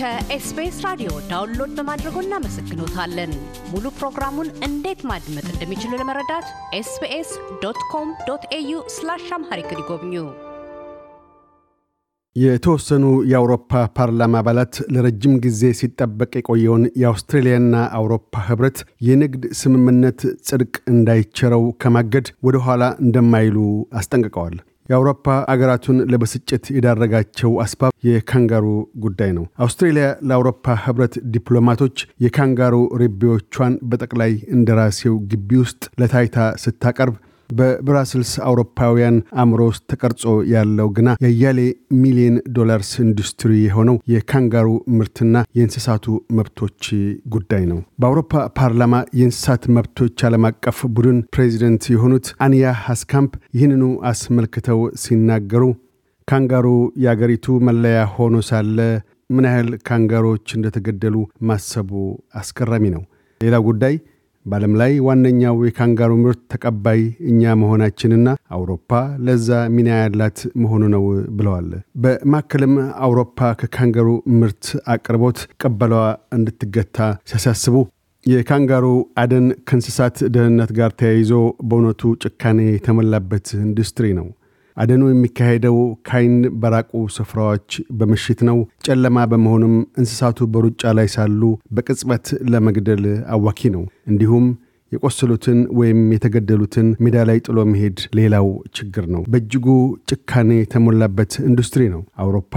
ከኤስቢኤስ ራዲዮ ዳውንሎድ በማድረጎ እናመሰግኖታለን። ሙሉ ፕሮግራሙን እንዴት ማድመጥ እንደሚችሉ ለመረዳት ኤስቢኤስ ዶት ኮም ዶት ኤዩ ስላሽ አምሃሪክ ይጎብኙ። የተወሰኑ የአውሮፓ ፓርላማ አባላት ለረጅም ጊዜ ሲጠበቅ የቆየውን የአውስትሬልያና አውሮፓ ህብረት የንግድ ስምምነት ጽድቅ እንዳይቸረው ከማገድ ወደ ኋላ እንደማይሉ አስጠንቅቀዋል። የአውሮፓ አገራቱን ለብስጭት የዳረጋቸው አስባብ የካንጋሩ ጉዳይ ነው። አውስትሬልያ ለአውሮፓ ህብረት ዲፕሎማቶች የካንጋሩ ርቤዎቿን በጠቅላይ እንደራሴው ግቢ ውስጥ ለታይታ ስታቀርብ በብራስልስ አውሮፓውያን አእምሮ ውስጥ ተቀርጾ ያለው ግና የያሌ ሚሊዮን ዶላርስ ኢንዱስትሪ የሆነው የካንጋሩ ምርትና የእንስሳቱ መብቶች ጉዳይ ነው። በአውሮፓ ፓርላማ የእንስሳት መብቶች ዓለም አቀፍ ቡድን ፕሬዚደንት የሆኑት አንያ ሀስካምፕ ይህንኑ አስመልክተው ሲናገሩ ካንጋሩ የአገሪቱ መለያ ሆኖ ሳለ ምን ያህል ካንጋሮች እንደተገደሉ ማሰቡ አስገራሚ ነው። ሌላው ጉዳይ በዓለም ላይ ዋነኛው የካንጋሩ ምርት ተቀባይ እኛ መሆናችንና አውሮፓ ለዛ ሚና ያላት መሆኑ ነው ብለዋል። በማከልም አውሮፓ ከካንጋሩ ምርት አቅርቦት ቀበለዋ እንድትገታ ሲያሳስቡ የካንጋሩ አደን ከእንስሳት ደህንነት ጋር ተያይዞ በእውነቱ ጭካኔ የተሞላበት ኢንዱስትሪ ነው። አደኑ የሚካሄደው ከዓይን በራቁ ስፍራዎች በምሽት ነው። ጨለማ በመሆኑም እንስሳቱ በሩጫ ላይ ሳሉ በቅጽበት ለመግደል አዋኪ ነው። እንዲሁም የቆሰሉትን ወይም የተገደሉትን ሜዳ ላይ ጥሎ መሄድ ሌላው ችግር ነው። በእጅጉ ጭካኔ የተሞላበት ኢንዱስትሪ ነው። አውሮፓ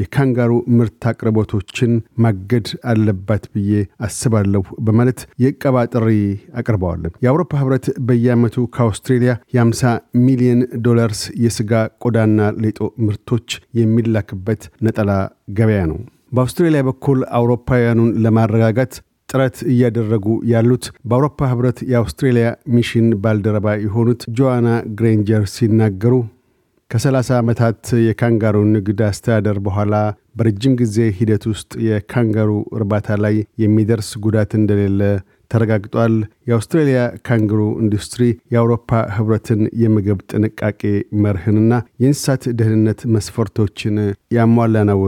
የካንጋሩ ምርት አቅርቦቶችን ማገድ አለባት ብዬ አስባለሁ በማለት የቀባ ጥሪ አቅርበዋል። የአውሮፓ ህብረት በየዓመቱ ከአውስትሬልያ የ50 ሚሊዮን ዶላርስ የስጋ ቆዳና ሌጦ ምርቶች የሚላክበት ነጠላ ገበያ ነው። በአውስትሬልያ በኩል አውሮፓውያኑን ለማረጋጋት ጥረት እያደረጉ ያሉት በአውሮፓ ህብረት የአውስትሬልያ ሚሽን ባልደረባ የሆኑት ጆዋና ግሬንጀር ሲናገሩ ከ30 ዓመታት የካንጋሩ ንግድ አስተዳደር በኋላ በረጅም ጊዜ ሂደት ውስጥ የካንጋሩ እርባታ ላይ የሚደርስ ጉዳት እንደሌለ ተረጋግጧል። የአውስትሬልያ ካንግሩ ኢንዱስትሪ የአውሮፓ ህብረትን የምግብ ጥንቃቄ መርህንና የእንስሳት ደህንነት መስፈርቶችን ያሟላ ነው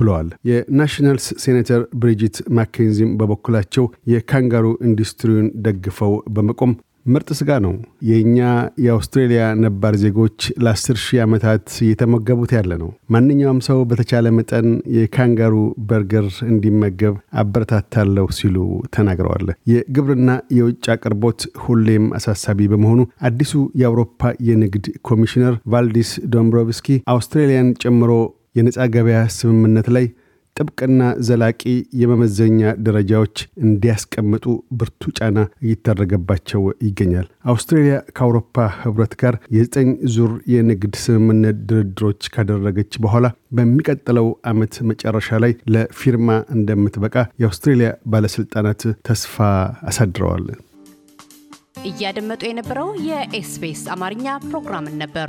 ብለዋል። የናሽናልስ ሴኔተር ብሪጅት ማኬንዚም በበኩላቸው የካንጋሩ ኢንዱስትሪውን ደግፈው በመቆም ምርጥ ስጋ ነው። የእኛ የአውስትሬሊያ ነባር ዜጎች ለአስር ሺህ ዓመታት እየተመገቡት ያለ ነው። ማንኛውም ሰው በተቻለ መጠን የካንጋሩ በርገር እንዲመገብ አበረታታለሁ ሲሉ ተናግረዋል። የግብርና የውጭ አቅርቦት ሁሌም አሳሳቢ በመሆኑ አዲሱ የአውሮፓ የንግድ ኮሚሽነር ቫልዲስ ዶምብሮቭስኪ አውስትሬሊያን ጨምሮ የነፃ ገበያ ስምምነት ላይ ጥብቅና ዘላቂ የመመዘኛ ደረጃዎች እንዲያስቀምጡ ብርቱ ጫና እየተደረገባቸው ይገኛል። አውስትሬልያ ከአውሮፓ ህብረት ጋር የዘጠኝ ዙር የንግድ ስምምነት ድርድሮች ካደረገች በኋላ በሚቀጥለው ዓመት መጨረሻ ላይ ለፊርማ እንደምትበቃ የአውስትሬልያ ባለሥልጣናት ተስፋ አሳድረዋል። እያደመጡ የነበረው የኤስፔስ አማርኛ ፕሮግራምን ነበር።